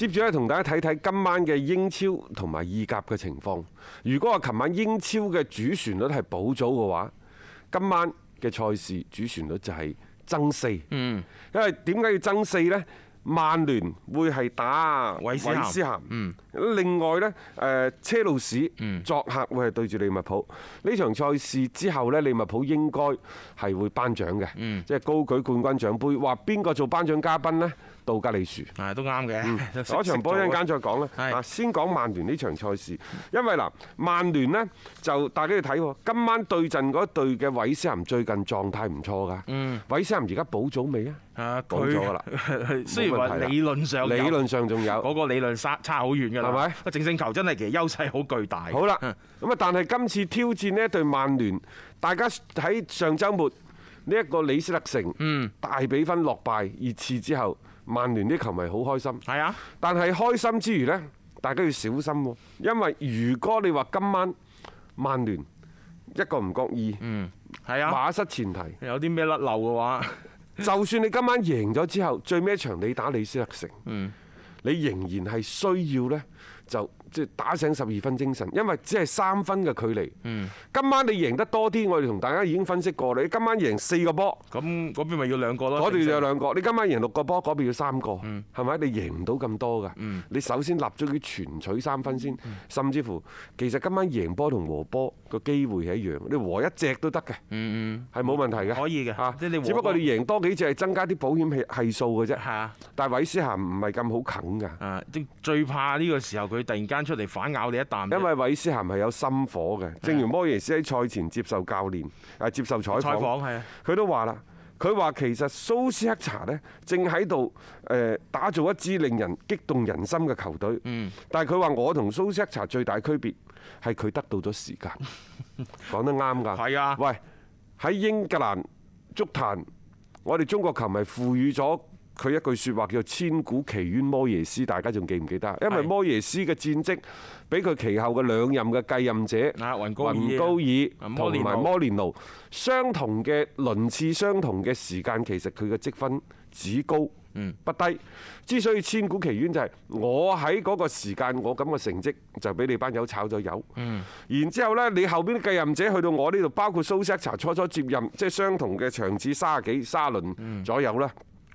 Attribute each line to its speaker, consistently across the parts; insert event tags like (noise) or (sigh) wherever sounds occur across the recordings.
Speaker 1: 接住咧，同大家睇睇今晚嘅英超同埋意甲嘅情況。如果我琴晚英超嘅主旋律係保組嘅話，今晚嘅賽事主旋律就係爭四。嗯，因為點解要爭四呢？曼聯會係打韋斯咸，另外咧誒車路士作客會係對住利物浦。呢場賽事之後咧，利物浦應該係會頒獎嘅，即係高舉冠軍獎杯。話邊個做頒獎嘉賓咧？杜格利殊，係都啱嘅。嗰場波一陣間再講啦。先講曼聯呢場賽事，因為嗱，曼聯咧就大家要睇，今晚對陣嗰一隊嘅韋斯咸最近狀態唔錯㗎。韋斯咸而家補組未啊？啊，講咗啦。雖然話理論
Speaker 2: 上，理論上仲有嗰個理論差差
Speaker 1: 好遠㗎啦吧，係咪？淨勝球真係其實優勢好巨大。好啦，咁啊，但係今次挑戰呢對曼聯，大家喺上週末呢一個李斯特城大比分落敗熱刺之後，曼聯啲球迷好開心。係是啊，但係開心之餘呢，大家要小心喎，因為如果你話今晚曼聯一個唔覺意，嗯，係啊，馬失前蹄，有啲咩甩漏嘅話。就算你今晚贏咗之後，最屘一場你打李斯特城，嗯、你仍然係需要咧就。即係打醒十二分精神，因為只係三分嘅距離。嗯，今晚你贏得多啲，我哋同大家已經分析過啦。你今晚贏四個波，咁嗰邊咪要兩個咯？嗰邊要有兩個。你今晚贏六個波，嗰邊要三個。嗯，係咪？你贏唔到咁多㗎。嗯，你首先立足於全取三分先，甚至乎其實今晚贏波同和波個機會係一樣。你和一隻都得嘅。嗯嗯，係冇問題嘅。可以嘅嚇，即係你。只不過你贏多幾隻係增加啲保險係數㗎啫。係啊，但係韋斯咸唔係咁好啃㗎。啊，即係最怕
Speaker 2: 呢個時候佢突然間。出嚟反咬你一啖，
Speaker 1: 因為韋斯咸係有心火嘅。正如摩耶斯喺賽前接受教練啊，是的 接受採訪，佢都話啦，佢話其實蘇斯克查呢正喺度誒打造一支令人激動人心嘅球隊。嗯，但係佢話我同蘇斯克查最大嘅區別係佢得到咗時間，講得啱㗎。係啊，喂，喺英格蘭足壇，我哋中國球迷賦予咗，佢一句説話叫做千古奇冤摩耶斯，大家仲記唔記得？因為摩耶斯嘅戰績，俾佢其後嘅兩任嘅繼任者雲高爾同埋摩連奴相同嘅輪次、相同嘅時間，其實佢嘅積分只高不低。嗯、之所以千古奇冤就係我喺嗰個時間，我咁嘅成績就俾你班友炒咗魷。嗯、然之後呢，你後邊嘅繼任者去到我呢度，包括蘇塞查初初接任，即、就、係、是、相同嘅場次三十幾、三十二輪左右啦。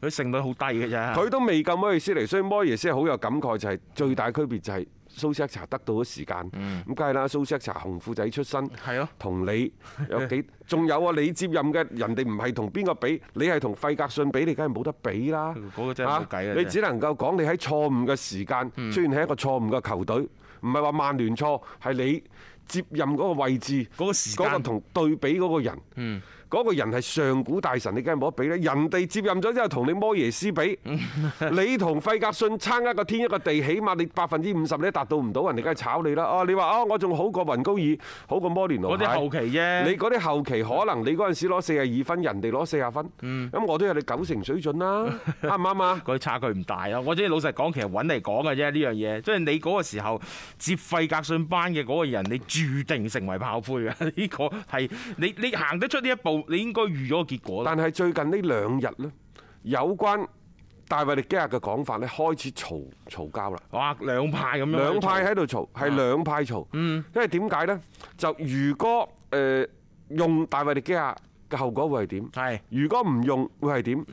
Speaker 1: 佢勝率好低嘅啫，佢都未夠摩耶斯嚟，所以摩耶斯好有感慨就係最大區別就係蘇斯察得到嘅時間，咁梗係啦。蘇斯察紅褲仔出身，係咯，同你有幾仲有啊？你接任嘅人哋唔係同邊個比，你係同費格遜比，你梗係冇得比啦。嗰個真冇得計啦。你只能夠講你喺錯誤嘅時間，出現喺一個錯誤嘅球隊，唔係話曼聯錯，係你接任嗰個位置嗰個時間同對比嗰個人。嗯嗰個人係上古大神，你梗係冇得比咧。人哋接任咗之後同你摩耶斯比， (laughs) 你同費格遜爭一個天一個地，起碼你百分之五十你都達到唔到，人哋梗係炒你啦。啊、哦，你話啊、哦，我仲好過雲高爾，好過摩連奴，嗰啲後期啫。你嗰啲後期可能你嗰陣時攞四十二分，人哋攞四十分，咁、嗯、我都有你九成水準啦。
Speaker 2: 啱唔啱啊？個 (laughs) 差距唔大啊。我即係老實講，其實揾嚟講嘅啫呢樣嘢。即、這、係、個就是、你嗰個時候接費格遜班嘅嗰個人，你注定成為炮灰啊。呢 (laughs)
Speaker 1: 個係你你行得出呢一步。你應該預咗結果。但係最近呢兩日呢，有關大衛迪基亞嘅講法咧，開始嘈嘈交啦。哇！兩派咁樣。兩派喺度嘈，係、啊、兩派嘈。嗯。因為點解呢？就如果誒、呃、用大衛迪基亞嘅後果會係點？係是。如果唔用會係點？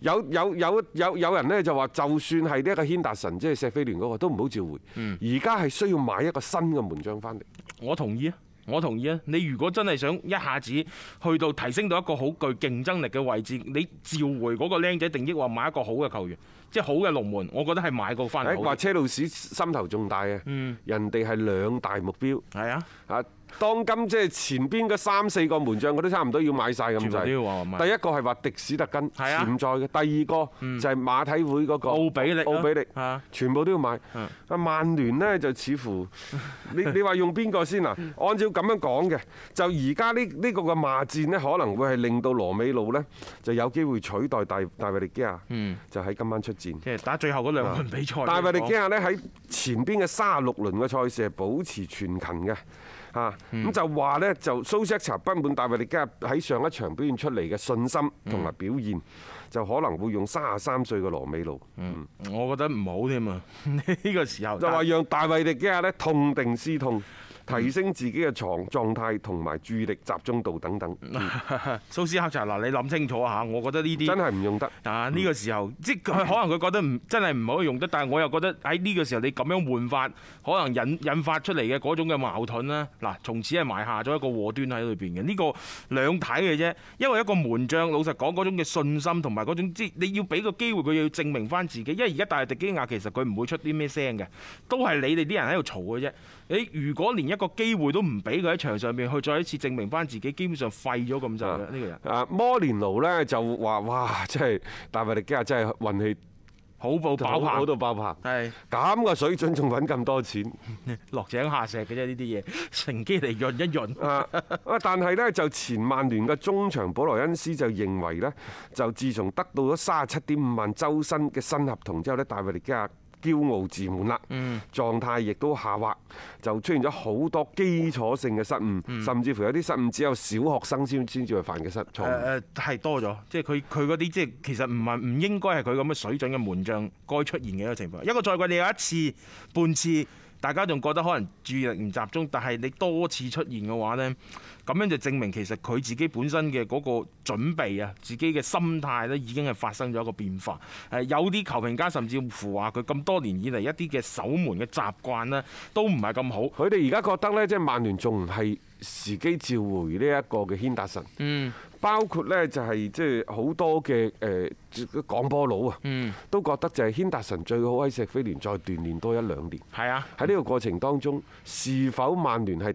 Speaker 1: 有有有有有人呢就話，就算係呢一個軒達臣，即係錫菲聯嗰個，都唔好召回。而家係需要買一個新嘅門將翻嚟。
Speaker 2: 我同意啊。我同意啊！你如果真係想一下子去到提升到一個好具競爭力嘅位置，你召回嗰個
Speaker 1: 僆仔，定抑或買一個好嘅球員，即係好嘅龍門，我覺得係買個翻嚟好。話車路士心頭仲大啊，嗯，人哋係兩大目標，係啊，啊。當今即係前邊嘅三四個門將，我都差唔多要買曬咁滯。第一個係話迪士特根是的 潛在嘅，第二個就係馬體會嗰個奧比力。奧比力，比力全部都要買。曼是的 聯呢就似乎你你話用邊個先嗱？按照咁樣講嘅，就而家呢呢個嘅罵戰咧，可能會係令到羅美路呢就有機會取代大戴維利基亞，就喺今晚出戰。即係打最後嗰兩輪比賽。是的 大維利基亞呢喺前邊嘅三十六輪嘅賽事係保持全勤嘅。嚇！咁、嗯、就話咧，就蘇斯克查不滿，大衛迪加喺上一場表現出嚟嘅信心同埋表現，嗯、就可能會用三十三歲嘅羅美露。嗯，我覺得唔好添啊！呢 (laughs) 個時候就話讓大衛迪加咧痛定思痛。提升自己嘅床狀態同埋注意力集中度等等。
Speaker 2: 嗯、
Speaker 1: 蘇斯克查嗱，你諗清楚吓！我覺得呢啲真係唔用得
Speaker 2: 啊！呢、呢個時候、嗯、即係可能佢覺得唔真係唔可以用得，但係我又覺得喺呢個時候你咁樣換法，可能引引發出嚟嘅嗰種嘅矛盾啦。嗱，從此係埋下咗一個禍端喺裏邊嘅呢個兩睇嘅啫。因為一個門將老實講嗰種嘅信心同埋嗰種即係你要俾個機會佢要證明翻自己，因為而家大衛迪基亞其實佢唔會出啲咩聲嘅，都係你哋啲人喺度嘈嘅啫。你如果連一個機會都唔俾佢喺場上面，去再一次證
Speaker 1: 明翻自己，基本上廢咗咁就呢個人。啊，摩連奴呢就話：哇，即係大衛迪基亞真係運氣好到爆棚，好到爆棚。係咁嘅水準仲揾咁多錢，落井下石嘅啫呢啲嘢，乘機嚟潤一潤的。啊 (laughs) 但係呢，就前曼聯嘅中場保羅恩斯就認為呢，就自從得到咗三十七點五萬周薪嘅新合同之後呢，大衛迪基亞。驕傲自滿啦，狀態亦都下滑，就出現咗好多基礎性嘅失誤，嗯、甚至乎有啲失誤只有小學生先先至會犯嘅失錯誤。誒係多咗，
Speaker 2: 即係佢佢嗰啲即係其實唔係唔應該係佢咁嘅水準嘅門將該出現嘅一個情況。一個賽季你有一次半次。大家仲覺得可能注意力唔集中，但係你多次出現嘅話呢，咁樣就證明其實佢自己本身嘅嗰個準備啊、自己嘅心態呢已經係發生咗一個變化。誒，有啲球評家甚至乎話佢咁多年以嚟一啲嘅守門嘅
Speaker 1: 習慣呢都唔係咁好。佢哋而家覺得呢，即係曼聯仲唔係。時機召回呢一個嘅軒達臣，包括呢就係即係好多嘅誒廣播佬啊，都覺得就係軒達臣最好喺錫菲聯再鍛鍊多一兩年。係啊，喺呢個過程當中，是否曼聯係？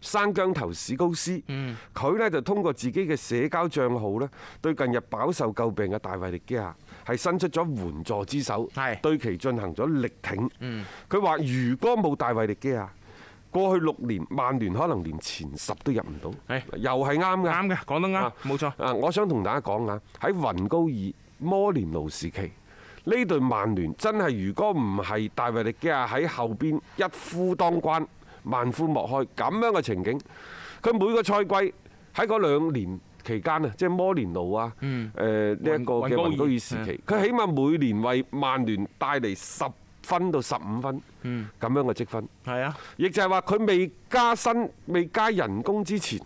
Speaker 1: 山薑頭史高斯，佢呢就通過自己嘅社交賬號呢，對近日飽受詬病嘅大衛力基亞係伸出咗援助之手，對其進行咗力挺。佢話如果冇大衛力基亞，過去六年曼聯可能連前十都入唔到是。又係啱嘅，啱嘅，講得啱，冇錯。我想同大家講下喺雲高爾摩連奴時期呢隊曼聯真係如果唔係大衛力基亞喺後邊一夫當關。萬夫莫開咁樣嘅情景，佢每個賽季喺嗰兩年期間啊，即係摩連奴啊，誒呢一個嘅雲高爾時期，佢起碼每年為曼聯帶嚟十分到十五分咁樣嘅積分。係啊，亦就係話佢未加薪、未加人工之前，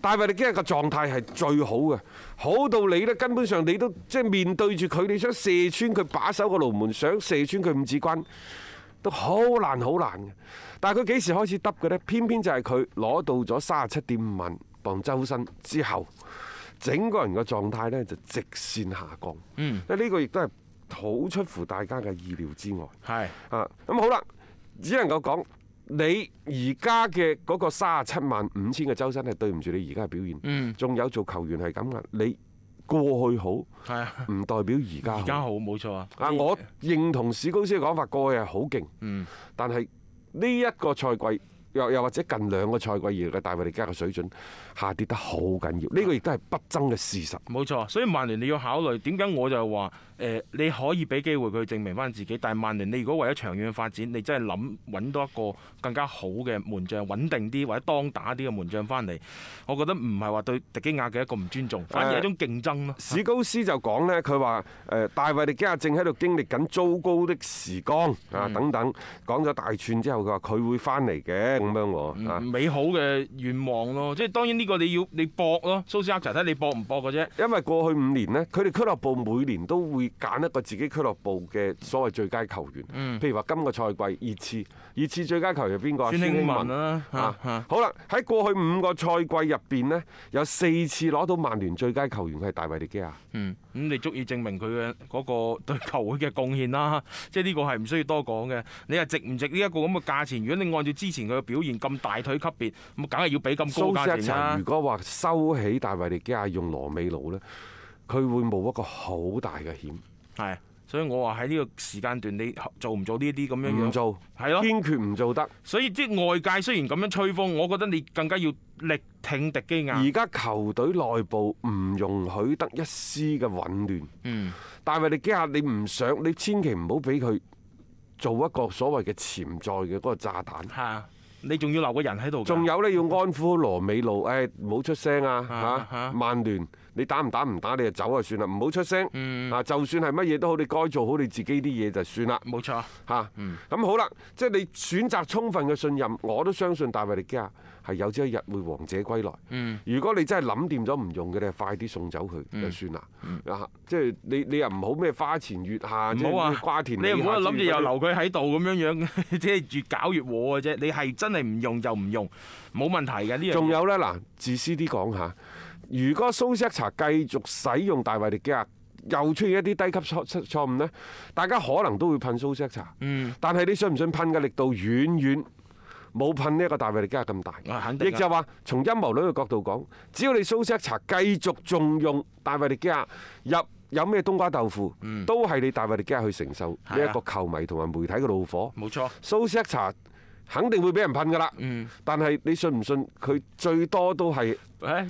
Speaker 1: 戴維利今日嘅狀態係最好嘅，好到你咧根本上你都即係面對住佢，你想射穿佢把守嘅龍門，想射穿佢五指關。都好難，好難嘅。但係佢幾時開始得嘅呢？偏偏就係佢攞到咗三十七點五萬磅周薪之後，整個人嘅狀態呢就直線下降。嗯，呢個亦都係好出乎大家嘅意料之外。係是 啊，咁好啦，只能夠講你而家嘅嗰個三十七萬五千嘅周薪係對唔住你而家嘅表現。仲有做球員係咁噶，你。過去好，係啊，唔代表而家。而家好冇錯啊！啊，我認同史高斯嘅講法，過去係好勁。嗯，但係呢一個賽季。又又或者近兩個賽季以嚟嘅大衛迪加嘅水準下跌得好緊要，呢個亦都係不爭嘅事實。冇錯，所以曼聯你要考慮點解？我就係話、呃、
Speaker 2: 你可以俾機會佢證明翻自己，但係曼聯你如果為咗長遠嘅發展，你真係諗揾到一個更加好嘅門將，穩定啲或者當打啲嘅門將翻嚟，我覺得唔係話
Speaker 1: 對迪基亞嘅一個唔尊重，反而係一種競爭、呃、史高斯就講呢，佢話誒，大衛迪加正喺度經歷緊糟糕的時光啊等等，講咗、嗯、大串之後，佢話佢會翻嚟嘅。咁樣美
Speaker 2: 好嘅願望咯，即係當然呢個你要你搏咯，蘇斯克就睇你搏唔搏嘅啫。
Speaker 1: 因為過去五年呢，佢哋俱樂部每年都會揀一個自己俱樂部嘅所謂最佳球員。譬如話今個賽季熱刺，熱刺最佳球員係邊個啊？孫興文啦，孫興文好啦，喺過去五個賽季入邊呢，有四次攞到曼聯最佳球員佢係大衛迪基亞。嗯。
Speaker 2: 咁你足以證明佢嘅嗰個對球會嘅貢獻啦，即係呢個係唔需要多講嘅。你話值唔值呢一個咁嘅價錢？如果你按照之前佢嘅表現咁大腿級別，咁梗係要俾咁高價錢啦。蘇斯琴，如
Speaker 1: 果話收起大衛利基亞下用羅美魯咧，佢會冒一個好大嘅險。
Speaker 2: 係。所以我話喺呢個時間段，你做唔做呢啲咁樣樣做？係咯，堅決唔做得。所以即係外界雖然咁樣吹風，我覺得你更加要力挺迪基亞。而
Speaker 1: 家球隊內部唔容許得一絲嘅混亂。嗯。但係迪基亞，你唔想，你千祈唔好俾佢做一個所謂嘅潛在嘅嗰個炸彈。係啊，你仲要留個人喺度。仲有咧，要安撫羅美路，誒，唔好出聲啊，吓，曼聯。你打唔打唔打，你就走啊算啦，唔好出聲。啊，就算係乜嘢都好，你該做好你自己啲嘢就算啦。冇錯。嚇，咁好啦，即係你選擇充分嘅信任，我都相信大衞力嘉係有朝一日會王者歸來。嗯。如果你真係諗掂咗唔用嘅咧，快啲送走佢就算啦。即係你你又唔好咩花前月下，唔好啊，瓜田李下之類。你唔好諗住又留佢喺
Speaker 2: 度咁樣樣，即係越搞越禍
Speaker 1: 嘅啫。你係真係唔用就唔用，冇問題嘅呢樣。仲有咧嗱，自私啲講下。如果蘇世茶繼續使用大衛迪基亞，又出現一啲低級錯錯誤咧，大家可能都會噴蘇世茶。嗯，但係你信唔信噴嘅力度遠遠冇噴呢一個大衛迪基亞咁大？肯定。亦就係話，從陰謀論嘅角度講，只要你蘇世茶繼續重用大衛迪基亞入，有咩冬瓜豆腐，嗯，都係你大衛迪基亞去承受呢一個球迷同埋媒體嘅怒火。冇錯，蘇世茶。肯定會俾人噴噶啦，嗯、但係你信唔信？佢最多都係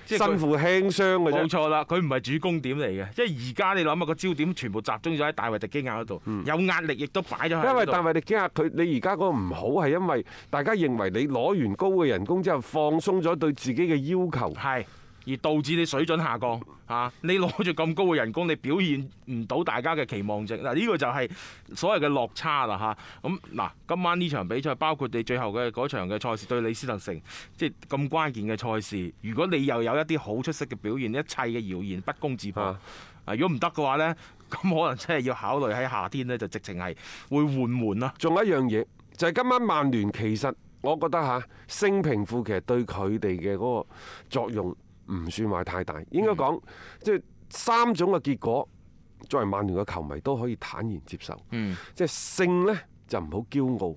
Speaker 1: 即係身負輕傷嘅，冇錯
Speaker 2: 啦。佢唔係主攻點嚟嘅，即係而家你諗下個焦點全部集中咗
Speaker 1: 喺大衛迪基亞嗰度，有壓力亦都擺咗喺度。因為大衛迪基亞佢你而家嗰個唔好係因為大家認為你攞完高嘅人工之後放鬆咗對自己嘅要求係。
Speaker 2: 而導致你水準下降嚇、啊，你攞住咁高嘅人工，你表現唔到大家嘅期望值嗱，呢、啊這個就係所謂嘅落差啦嚇。咁、啊、嗱、啊，今晚呢場比賽包括你最後嘅嗰場嘅賽事對李斯特城，即係咁關鍵嘅賽事。如果你又有一啲好出色嘅表現，一切嘅謠言不攻自破。啊，啊如果唔得嘅話呢，咁可能真係
Speaker 1: 要考慮喺夏天呢，就直情係會換換啦。仲有一樣嘢就係、是、今晚曼聯其實我覺得嚇、啊、升平富其實對佢哋嘅嗰個作用。唔算話太大，應該講即係三種嘅結果，作為曼聯嘅球迷都可以坦然接受。嗯，即係勝呢就唔好驕傲，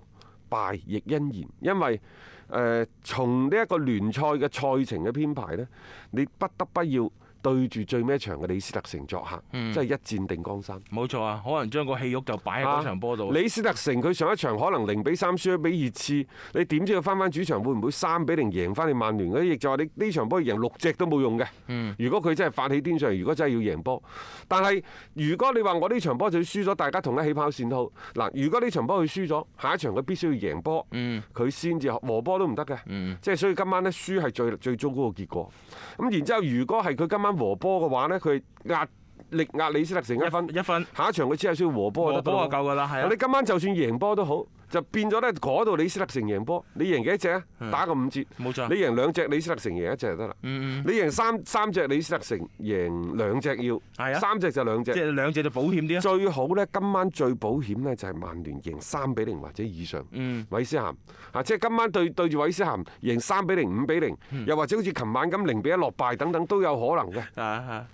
Speaker 1: 敗亦欣然，因為誒、呃、從呢一個聯賽嘅賽程嘅編排呢，你不得不要。對住最尾場嘅李斯特城作客，真係、嗯、一戰定江山。冇錯啊，可能將個戲肉就擺喺嗰場波度啊。李斯特城佢上一場可能零比三輸咗比熱刺，你點知佢翻翻主場會唔會三比零贏翻你曼聯？嗰，亦就話你呢場波贏六隻都冇用嘅。嗯，如果佢真係發起癲上，嚟，如果真係要贏波，但係如果你話我呢場波就要輸咗，大家同一起跑線好。嗱，如果呢場波佢輸咗，下一場佢必須要贏波，佢先至和波都唔得嘅，即係、嗯、所以今晚呢，輸係最最終嗰個結果。咁然之後，如果係佢今晚。和波嘅話咧，佢壓力壓李斯特城一分，一,一分。下一場佢只係需要和波就得，和波就夠噶啦。係啊，你今晚就算贏波都好。就變咗咧，嗰度李斯特城贏波，你贏幾隻啊？打個五折，冇錯。你贏兩隻，李斯特城贏一隻就得啦。你贏三三隻，李斯特城贏兩隻要，三隻就兩隻。即係兩隻就保險啲。最好呢，今晚最保險呢，就係曼聯贏三比零或者以上。嗯。韋斯咸啊，即係今晚對對住韋斯咸贏三比零、五比零，又或者好似琴晚咁零比一落敗等等都有可能嘅。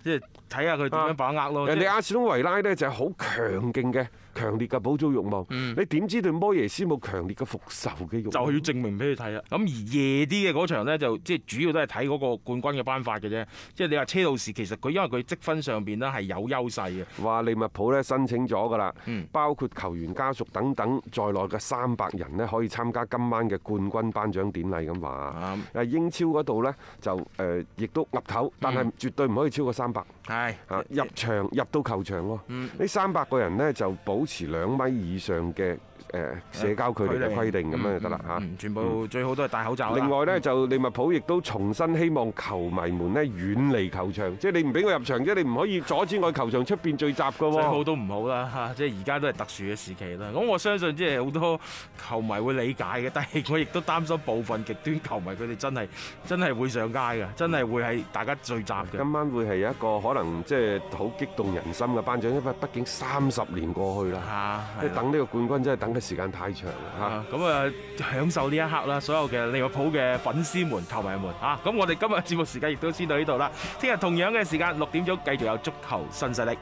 Speaker 1: 即係睇下佢點樣把握咯。人哋阿士東維拉呢，就係好強勁嘅、強烈嘅補足欲望。你點知對波耶？先冇強烈嘅復仇嘅慾，就係要證明俾佢睇啦。咁而
Speaker 2: 夜啲嘅嗰場咧，就即係主要都係睇嗰個冠軍嘅頒發嘅啫。即係你話車路士其
Speaker 1: 實佢因為佢積分上邊呢係有優勢嘅。話利物浦呢申請咗噶啦，包括球員家屬等等在內嘅三百人呢，可以參加今晚嘅冠軍頒獎典禮咁話。啊，英超嗰度呢，就誒亦都岌頭，但係絕對唔可以超過三百。係啊，入場入到球場咯。呢三百個人呢，就保持兩米以上嘅。誒社交距離嘅規定咁、嗯、樣就得啦嚇。嗯、全部最好都係戴口罩。另外咧、嗯、就利物浦亦都重新希望球迷們咧遠離球場，即係、嗯、你唔俾我入場啫，就是、你唔可以阻止我球場出邊聚集噶喎。最、啊、好都唔好啦嚇，即係而家都係特殊嘅時期啦。咁我相信即係好多球迷會理解嘅，但
Speaker 2: 係我亦都擔心部分極端球迷佢哋真係真係會上街嘅，真係會係大家
Speaker 1: 聚集嘅。今晚會係一個可能即係好激動人心嘅頒獎，因為畢竟三十年過去啦，即係等呢個冠軍真係等。因為時間太長啦，
Speaker 2: 嚇！咁啊，嗯、就享受呢一刻啦，所有嘅利物浦嘅粉絲們、球迷們，嚇！咁我哋今日節目時間亦都先到呢度啦。聽日同樣嘅時間六點鐘繼續有足球新勢力。